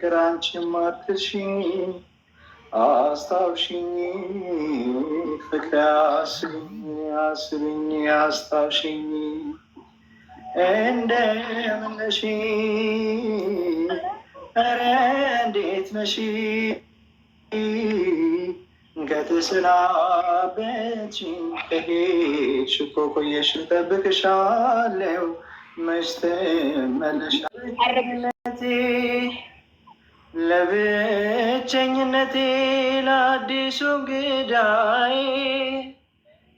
ፍቅር አንቺም አትሽኝ አስታውሽኝ ፍቅር አስብኝ አስብኝ አስታውሽኝ እንደምን ነሽ ኧረ እንዴት ነሽ ከተሰናበትሽኝ ከሄድሽ እኮ ቆየሽ እጠብቅሻለሁ መች ትመለሻለሽ ለብቸኝነቴ ለአዲሱ ግዳይ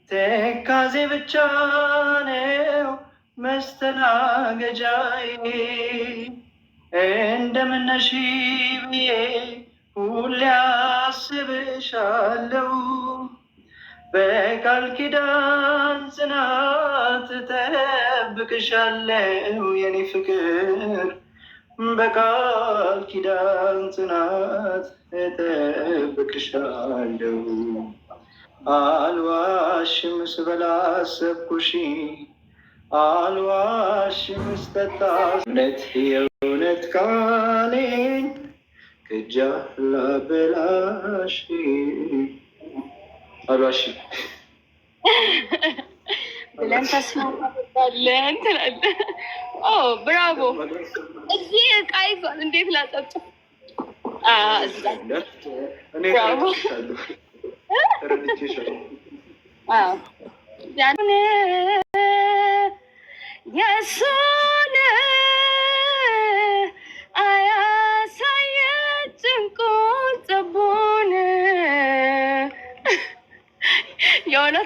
ትካዜ ብቻ ነው መስተናገጃይ። እንደምነሽ ብዬ ሁሌ አስብሻለሁ በቃል ኪዳን ጽናት ተጠብቅሻለሁ የኔ ፍቅር በቃል ኪዳን ጽናት እጠብቅሻለሁ። አልዋሽም ስበላ አሰብኩሽ፣ አልዋሽም ስጠጣ እውነት የእውነት ቃሌን ከጃ ላበላሽ አልዋሽም ብለን ተስማማለን ትላለህ። ብራቮ! እዚህ ይዟል። እንዴት ላጠጡ የሱ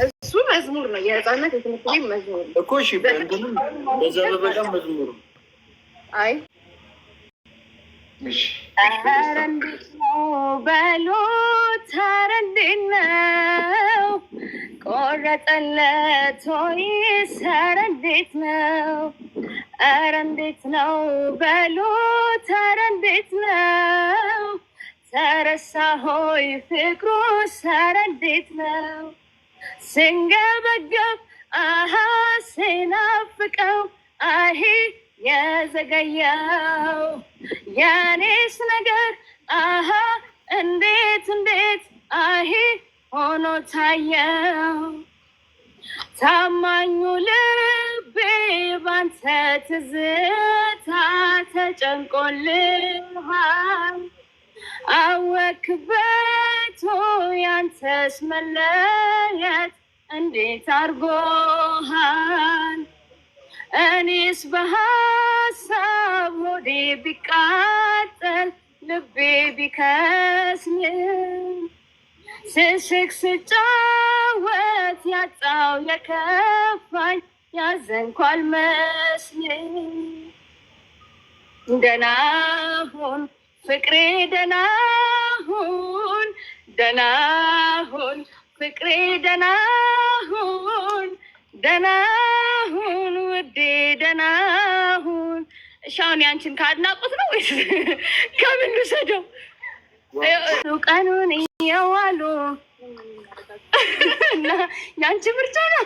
እሱ መዝሙር ነው፣ የህፃነት የትምህርት ቤት መዝሙር ነው እኮ። እሺ በዛ በበጋም መዝሙር ነው። አይ ኧረ እንዴት ነው በሎት፣ ኧረ እንዴት ነው ቆረጠለት ወይስ ኧረ እንዴት ነው? ኧረ እንዴት ነው በሎት፣ ኧረ እንዴት ነው አንበሳ ሆይ ፍቅሩ ሳረ እንዴት ነው ስንገበገብ አሃ ስናፍቀው አሂ የዘገየው የኔስ ነገር አሃ እንዴት እንዴት አሂ ሆኖ ታየው ታማኙ ልቤ ባንተ ትዝታ ተጨንቆልሃል አወክበቶ ያንተስ መለየት እንዴት አርጎሃል? እኔስ በሀሳብ ሆዴ ቢቃጠል ልቤ ቢከስል ስስቅ ስጫወት ያጣው የከፋኝ ያዘንኳል መስል እንደናሁን ፍቅሬ ደናሁን ደናሁን ደህና ሁን ፍቅሬ ደህና ደናሁን ደህና ሁን ውዴ ደህና እሺ አሁን ያንቺን ከአድናቆት ነው ወይስ ከምን ልውሰደው? ቀኑን እየዋሉ ያንቺ ምርጫ ነው።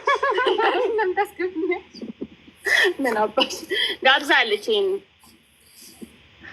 ምን አባሽ ጋብዛለች ይሄንን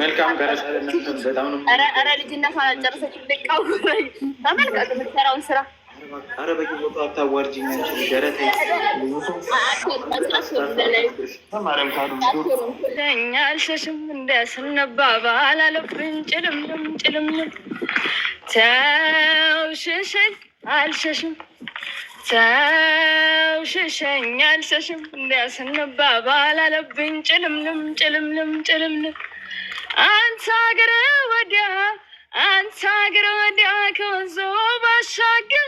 መልካም ኧረ ልጅነቷን አልጨረሰችም። ተመልከቱ የምትሰራውን ስራ አልሸሽም እንደ ስነባባ አላለብኝ ጭልምልም ጭልምልም ተውሸሸኝ አልሸሽም ሰው ሽሸኝ አልሸሽም እንዲያስንባባል አለብኝ ጭልምልም ጭልምልም ጭልምልም አንተ ሀገር ወዲያ አንተ ሀገር ወዲያ ከወንዞ ባሻገር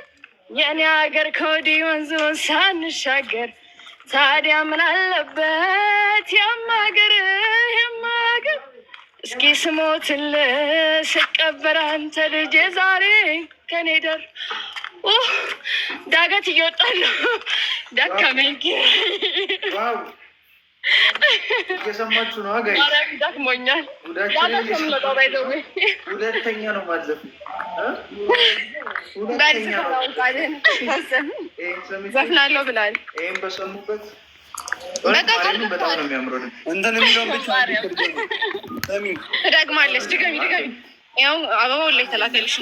የኔ ሀገር ከወዲህ ወንዞ ሳንሻገር ታዲያ ምን አለበት ያማ ሀገር ያማ እስኪ ስሞትል ስቀበር አንተ ልጄ ዛሬ ከኔ ደር ዳገት እየወጣሉ ደከመኝ። እየሰማችሁ ነው። ደክሞኛል። ሁለተኛ ነው ማለፍ ዘፍናለሁ ብላል። ይህም በሰሙበት በጣም ነው የሚያምረው። እንትን የሚለውን ብቻ ደግማለች። ድገሚ ድገሚ ያው አበባው ላይ ተላከልሽ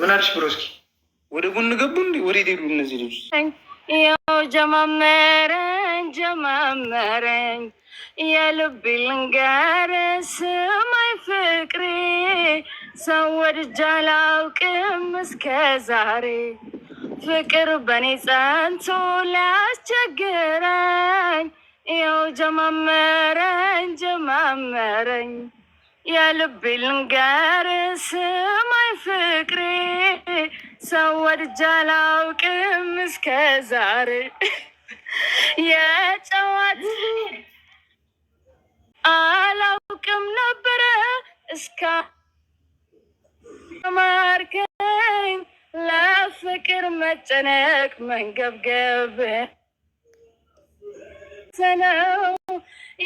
ምን አልሽ? ወደ ጎን ገቡ እንዴ? ወደ ሄዱ እነዚህ ልጅ። ያው ጀማመረኝ ጀማመረኝ የልብ ልንገር ስማይ ፍቅሬ ሰው ወድጄ እስከ ዛሬ ፍቅር በእኔ ጸንቶ ላስቸግረኝ ያው ጀማመረኝ ጀማመረኝ የልቤ ልንገር ስማኝ ፍቅሬ ሰው ወድጄ አላውቅም እስከ ዛሬ የጨዋት አላውቅም ነበረ እስካ ማርከኝ ለፍቅር መጨነቅ መንገብገብ ነው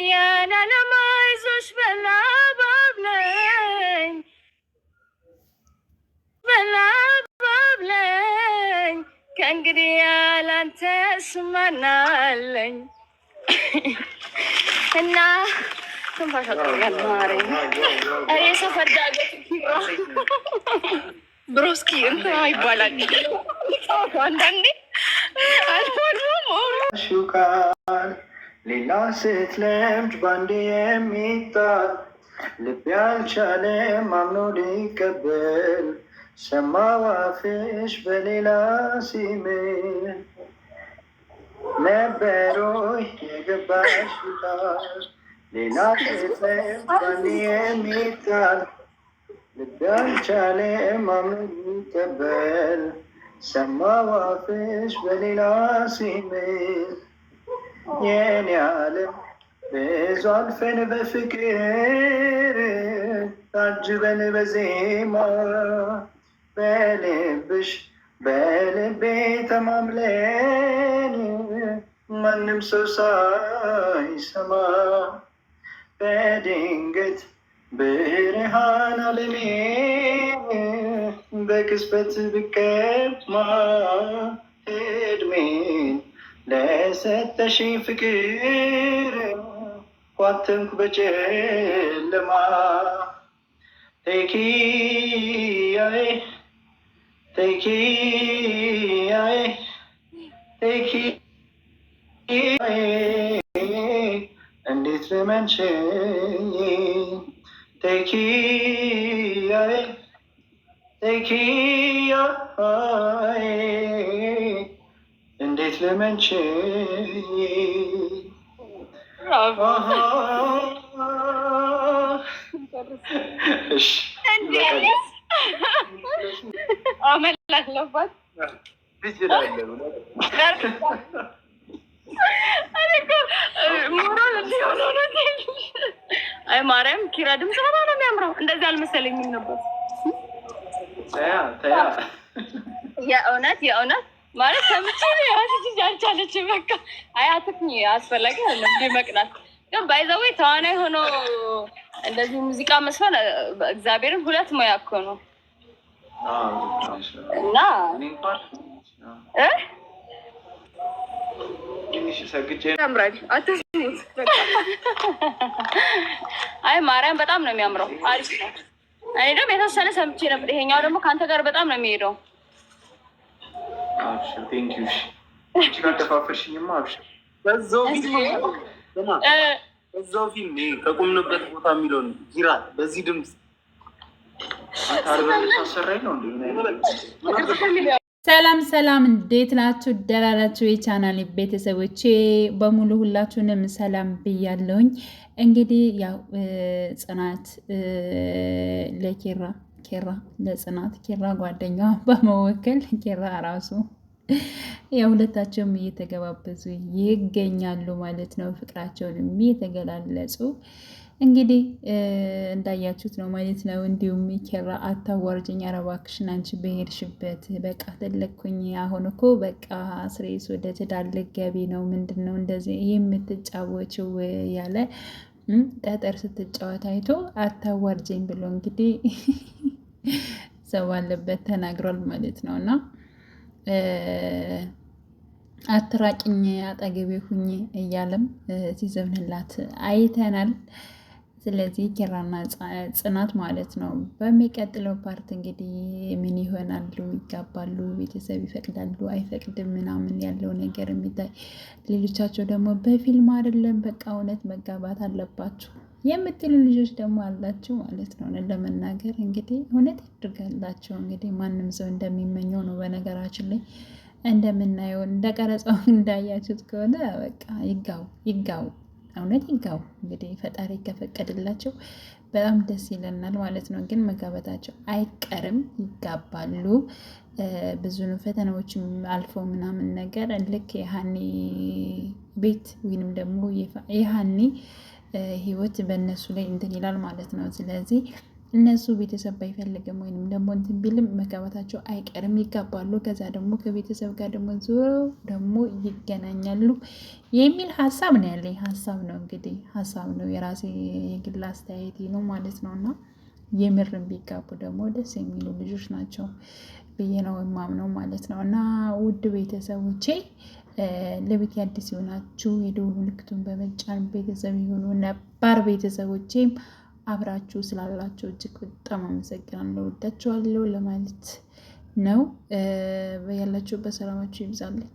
ያለለማ አይዞሽ በላባብለኝ በላባብለኝ ከእንግዲህ ያላንተስ ማናለኝ እና ትንፋሽ አጥርጋል ማሪ ብሮስኪ እንትና ይባላል አንዳንዴ አልፎ ሌላ ለምድ ባንዴ የሚጣል ልብ ያልቻለ አምኖ ሊቀበል ሰማዋፍሽ በሌላ ሲምል ነበሮ የገባሽ ሌላ ስትለምድ ባንዴ የሚጣል ልብ ያልቻለ አምኖ ሊቀበል ሰማዋፍሽ በሌላ ሲምል yeni alim Zülfen ve fikir Tacben ve zima Beli biş Beli bi tamam leni Mannim susay sama Bedinget Berihan alimi Bekisbet bikepma Edmin ለሰጠሽኝ ፍቅር ኳተንኩ በጨለማ ተኪያዬ ተኪያዬ ተኪያዬ እንዴት ልመንሽኝ ተኪያዬ ተኪያዬ እንዴት ለመንቼ አይ ማርያም ኪራ ድምፅ በጣም ነው የሚያምረው። እንደዚህ አልመሰለኝም ነበር። የእውነት የእውነት ማለት ከምቼ ልጅ አልቻለች። በቃ አይ አስፈላጊ አይደለም መቅናት። ግን ባይዘዌ ተዋናይ ሆኖ እንደዚህ ሙዚቃ መስፈን እግዚአብሔርን ሁለት ሙያ እኮ ነው እና አይ ማርያም በጣም ነው የሚያምረው፣ አሪፍ ነው። እኔ ደግሞ የተወሰነ ሰምቼ ነበር። ይሄኛው ደግሞ ከአንተ ጋር በጣም ነው የሚሄደው አብሽር አብሽር። በዛው በዛው ፊልም ከቁምንበት ቦታ የሚለውን ጊራ በዚህ ድምፅ አሰራኝ ነው እንደ ሰላም ሰላም፣ እንዴት ናችሁ? ደራላችሁ የቻናል ቤተሰቦቼ በሙሉ ሁላችሁንም ሰላም ብያለሁኝ። እንግዲህ ያው ጽናት ለኬራ ኬራ ለጽናት ኬራ ጓደኛዋ በመወከል ኬራ ራሱ ሁለታቸውም እየተገባበዙ ይገኛሉ ማለት ነው። ፍቅራቸውንም እየተገላለጹ እንግዲህ እንዳያችሁት ነው ማለት ነው። እንዲሁም ኬራ አታዋርጅኝ፣ ኧረ እባክሽን አንቺ በሄድሽበት በቃ ተለኩኝ። አሁን እኮ በቃ ስሬስ ወደ ትዳር ልትገቢ ነው ምንድን ነው እንደዚህ የምትጫወችው ያለ ጠጠር ስትጫወት አይቶ አታዋርጅኝ ብሎ እንግዲህ ሰው ባለበት ተናግሯል ማለት ነው እና አትራቂኝ አጠገቤ ሁኝ እያለም ሲዘፍንላት አይተናል። ስለዚህ ኪራና ጽናት ማለት ነው። በሚቀጥለው ፓርት እንግዲህ ምን ይሆናሉ? ይጋባሉ? ቤተሰብ ይፈቅዳሉ አይፈቅድም? ምናምን ያለው ነገር የሚታይ ሌሎቻቸው ደግሞ በፊልም አይደለም በቃ እውነት መጋባት አለባችሁ የምትሉ ልጆች ደግሞ አላችሁ ማለት ነው። ለመናገር እንግዲህ እውነት ያድርጋላቸው። እንግዲህ ማንም ሰው እንደሚመኘው ነው። በነገራችን ላይ እንደምናየው እንደ ቀረጻው እንዳያችሁት ከሆነ በቃ ይጋቡ ይጋቡ። እውነት ይጋቡ። እንግዲህ ፈጣሪ ከፈቀድላቸው በጣም ደስ ይለናል ማለት ነው። ግን መጋበታቸው አይቀርም፣ ይጋባሉ። ብዙ ፈተናዎች አልፈው ምናምን ነገር ልክ የሀኒ ቤት ወይንም ደግሞ የሀኒ ህይወት በእነሱ ላይ እንትን ይላል ማለት ነው። ስለዚህ እነሱ ቤተሰብ ባይፈልግም ወይንም ደግሞ እንትን ቢልም መጋባታቸው አይቀርም፣ ይጋባሉ። ከዛ ደግሞ ከቤተሰብ ጋር ደግሞ ዞሮ ደግሞ ይገናኛሉ የሚል ሀሳብ ነው ያለኝ። ሀሳብ ነው እንግዲህ ሀሳብ ነው የራሴ የግል አስተያየት ነው ማለት ነው። እና የምርም ቢጋቡ ደግሞ ደስ የሚሉ ልጆች ናቸው ብዬ ነው የማምነው ማለት ነው። እና ውድ ቤተሰቦቼ ለቤት አዲስ የሆናችሁ የደወል ምልክቱን በመጫን ቤተሰብ የሆኑ ነባር ቤተሰቦቼም አብራችሁ ስላላችሁ እጅግ በጣም አመሰግናለሁ። ወዳችኋለሁ ለማለት ነው። ያላቸው ሰላማችሁ ይብዛልኝ።